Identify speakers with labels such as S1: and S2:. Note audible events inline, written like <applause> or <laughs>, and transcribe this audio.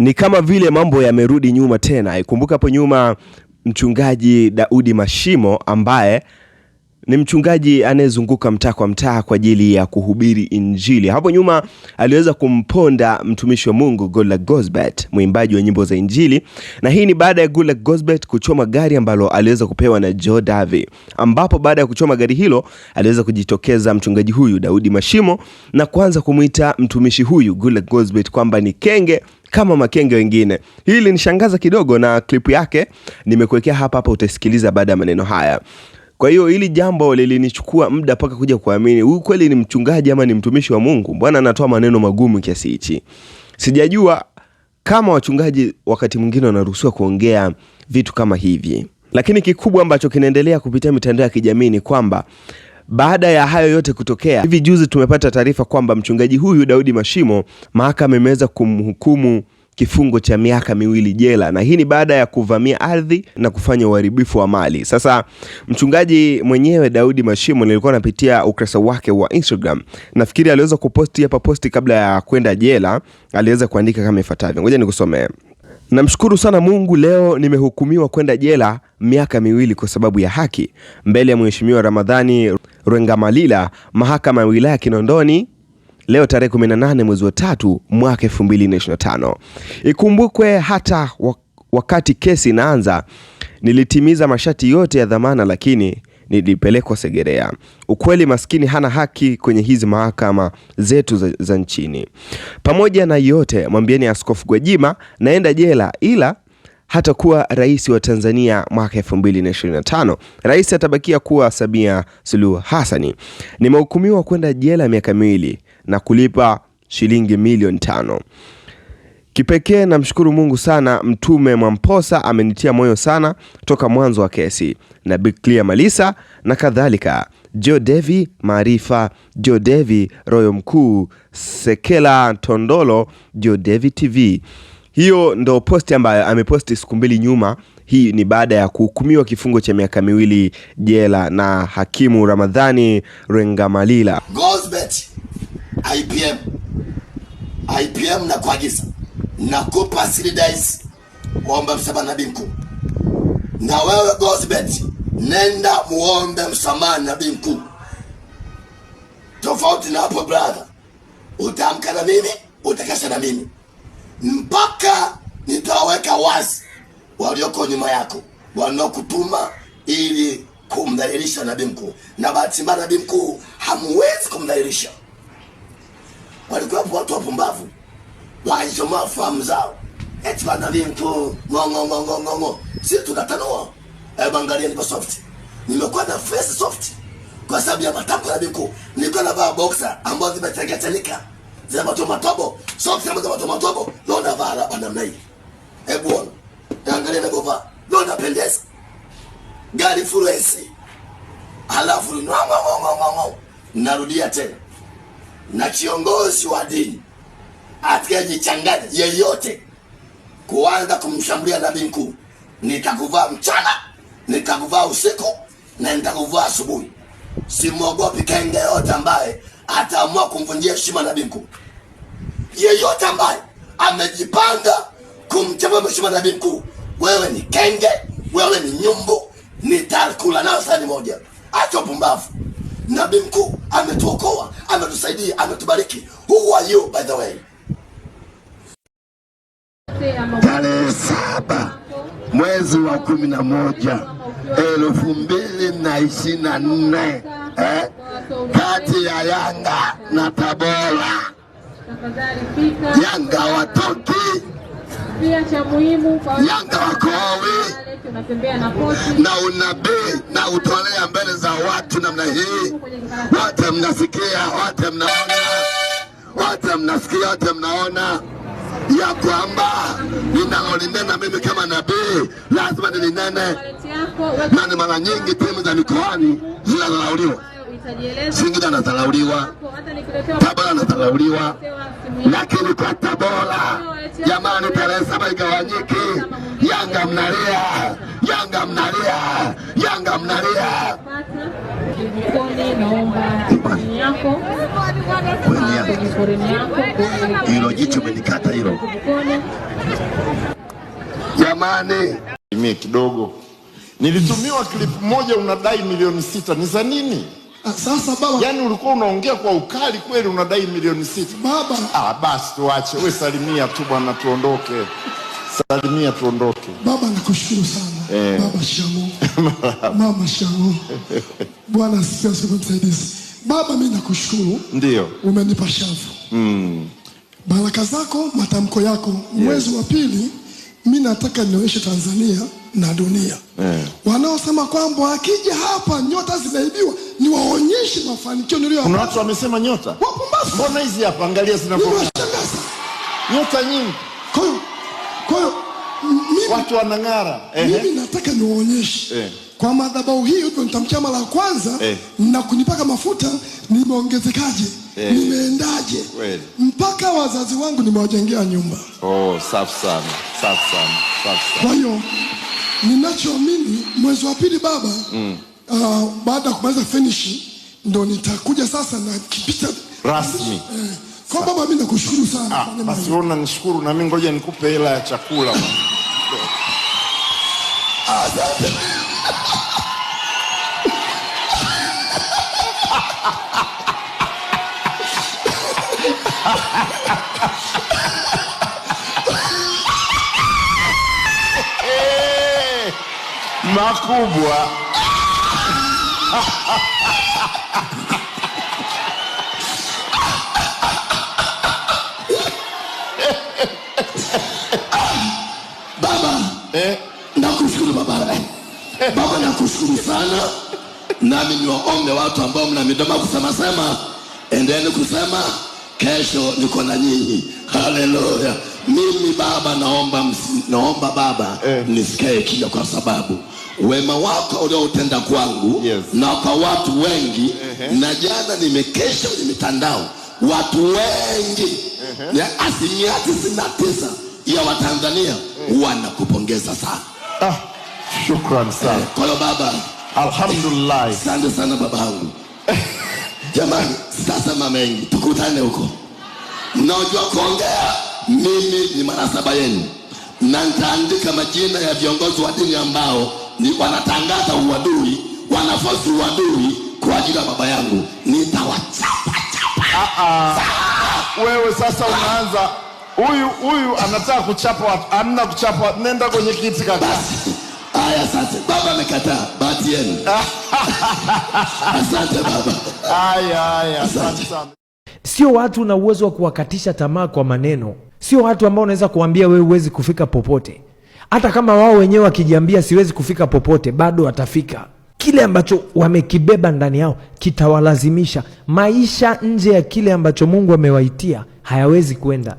S1: ni kama vile mambo yamerudi nyuma tena. Ikumbuka hapo nyuma mchungaji Daudi Mashimo ambaye ni mchungaji anayezunguka mtaa kwa mtaa kwa ajili ya kuhubiri Injili. Hapo nyuma aliweza kumponda mtumishi wa Mungu Gola Gosbert, mwimbaji wa nyimbo za Injili, na hii ni baada ya Gola Gosbert kuchoma gari ambalo aliweza kupewa na Joe Davi, ambapo baada ya kuchoma gari hilo aliweza kujitokeza mchungaji huyu Daudi Mashimo na kuanza kumwita mtumishi huyu Gola Gosbert kwamba ni kenge kama makenge wengine. Hii ilinishangaza kidogo, na klipu yake nimekuwekea hapa hapa, utaisikiliza baada ya maneno haya. Kwa hiyo hili jambo lilinichukua muda mpaka kuja kuamini huyu kweli ni mchungaji ama ni mtumishi wa Mungu, mbona anatoa maneno magumu kiasi hichi? Sijajua kama wachungaji wakati mwingine wanaruhusiwa kuongea vitu kama hivi, lakini kikubwa ambacho kinaendelea kupitia mitandao ya kijamii ni kwamba baada ya hayo yote kutokea, hivi juzi tumepata taarifa kwamba mchungaji huyu Daudi Mashimo mahakama imeweza kumhukumu kifungo cha miaka miwili jela, na hii ni baada ya kuvamia ardhi na kufanya uharibifu wa mali. Sasa mchungaji mwenyewe Daudi Mashimo, nilikuwa napitia ukurasa wake wa Instagram, nafikiri aliweza kuposti hapa posti kabla ya kwenda jela, aliweza kuandika kama ifuatavyo, ngoja nikusomee. Namshukuru sana Mungu, leo nimehukumiwa kwenda jela miaka miwili kwa sababu ya haki mbele ya Mheshimiwa Ramadhani Rwengamalila, mahakama ya wilaya Kinondoni leo tarehe 18 mwezi wa tatu mwaka 2025. Ikumbukwe hata wakati kesi inaanza nilitimiza masharti yote ya dhamana, lakini nilipelekwa Segerea. Ukweli maskini hana haki kwenye hizi mahakama zetu za, za nchini. Pamoja na yote, mwambieni Askofu Gwajima naenda jela ila hatakuwa rais wa Tanzania mwaka 2025. Rais atabakia kuwa Samia Suluhu Hassan. Nimehukumiwa kwenda jela miaka miwili na kulipa shilingi milioni tano. Kipekee namshukuru Mungu sana, Mtume Mwamposa amenitia moyo sana toka mwanzo wa kesi na Clear Malisa na kadhalika, devi Maarifa, devi Royo Mkuu, Sekela Tondolo, Devi TV. Hiyo ndo posti ambayo ameposti siku mbili nyuma. Hii ni baada ya kuhukumiwa kifungo cha miaka miwili jela na hakimu Ramadhani Rengamalila.
S2: Gozbet, IPM, IPM na kuagiza nakupa silidaisi msamaha Nabii Mkuu, na wewe Gozbet nenda muombe msamaha Nabii Mkuu. Tofauti na hapo brother, utaamka na mimi utakesha na mimi mpaka nitaweka wazi walioko nyuma yako wanaokutuma ili kumdhalilisha nabii mkuu. Na bahati mbaya, nabii mkuu hamwezi kumdhalilisha. Walikuwepo watu wapumbavu walichomoa fahamu zao, eti nabii mkuu ng'ong'ong'ong'ong'o. si tukatanua hebu angalia, ni soft nimekuwa na face soft kwa sababu ya matamko ya nabii mkuu. Nilikuwa navaa boxer ambazo zimetegetenika zile matomatobo soksi ama matomatobo leo navaa hapa namna hii. Hebu ona, angalia navyovaa leo napendeza, gari full AC, halafu narudia tena, na kiongozi wa dini atakayejichanganya yeyote kuanza kumshambulia nabii mkuu, nitakuvaa mchana, nitakuvaa usiku na nitakuvaa asubuhi. Simwogopi kenge yote ambaye ataamua kumvunjia heshima Nabii mkuu. Yeyote ambaye amejipanga kumchapa heshima Nabii mkuu, wewe ni kenge, wewe ni nyumbu, nitakula nao sahani moja. Acha pumbavu. Nabii mkuu ametuokoa, ametusaidia, ametubariki. Who are you by the way? Tarehe saba mwezi wa kumi na moja elfu mbili na ishirini na nne eh, kati ya Yanga na Tabora. Yanga watoki Yanga wakowi na unabii na utolea mbele za watu namna hii, wote mnasikia, wote mnaona, wote mnasikia, wote mnaona ya kwamba ninalolinena mimi kama nabii lazima nilinene, na ni mara nyingi timu za mikoani zinazolauliwa Singida anadharauliwa, Tabora anadharauliwa, lakini kwa Tabora jamani, tarehe saba igawanyike. Yanga mnalia, Yanga mnalia, Yanga mnalia hilo jicho umenikata hilo jamani,
S1: mie kidogo nilitumiwa klipu moja, unadai milioni sita ni za nini?
S3: Ah, sasa baba,
S1: yaani ulikuwa unaongea kwa ukali kweli, unadai milioni sita baba. Ah, basi tuache, we salimia tu bwana, tuondoke. Salimia tuondoke.
S3: Baba nakushukuru sana eh. Baba Shamu mama Shamu bwana msaidizi. Baba mimi nakushukuru, ndio umenipa shavu mm. baraka zako, matamko yako, mwezi wa pili mi nataka nionyeshe Tanzania na dunia yeah. Wanaosema kwamba akija hapa nyota zinaibiwa ni waonyeshe mafanikio nilio.
S1: Kuna watu wamesema nyota,
S3: wapumbavu.
S1: Mbona hizi hapa, angalia
S3: zinavyoshangaza, nyota nyingi. Kwa hiyo
S1: watu wanang'ara.
S3: Mimi nataka niwaonyeshe eh kwa madhabahu hii nitamkia mara ya kwanza eh, na kunipaka mafuta, nimeongezekaje? eh, nimeendaje? well, mpaka wazazi wangu nimewajengea nyumba.
S1: Oh, safi sana, safi sana, safi sana.
S3: Kwa hiyo ninachoamini mwezi wa pili baba, mm. uh, baada ya kumaliza finish ndo nitakuja sasa na kipita rasmi eh, kwa baba, mimi nakushukuru sana.
S1: Ah, basi wewe unanishukuru na mimi ngoja nikupe hela ya chakula.
S2: <laughs>
S1: <laughs> makubwa Baba eh?
S2: Nakushukuru baba, baba nakushukuru sana, nami niwaombe watu ambao mna midomo kusema sema, endeni kusema kesho niko na nyinyi. Haleluya! Mimi Baba naomba, naomba Baba eh, nisikae kija kwa sababu wema wako uliotenda kwangu yes, na kwa watu wengi uh -huh. Na jana nimekesha kwenye mitandao watu wengi uh -huh. Asilimia tisini na tisa ya Watanzania uh eh. -huh. wanakupongeza sana
S1: ah, shukrani eh, sana eh,
S2: kwa baba,
S1: alhamdulillah,
S2: asante sana babangu <laughs> jamani nitasema mengi, tukutane huko. Mnaojua kuongea, mimi ni manasaba yenu, na nitaandika majina ya viongozi wa dini ambao ni wanatangaza uadui, wanafosi uadui kwa ajili ya baba yangu, nitawachapa chapa.
S1: Ah, ah. Wewe sasa unaanza huyu huyu anataka kuchapa, amna kuchapa, nenda kwenye kiti kaka.
S2: Haya baba amekataa, bahati yenu.
S1: <laughs>
S2: Asante baba.
S1: Haya haya, asante sana.
S4: Sio watu na uwezo wa kuwakatisha tamaa kwa maneno, sio watu ambao unaweza kuambia wewe huwezi kufika popote. Hata kama wao wenyewe wakijiambia siwezi kufika popote, bado watafika. Kile ambacho wamekibeba ndani yao kitawalazimisha. Maisha nje ya kile ambacho Mungu amewaitia hayawezi kwenda.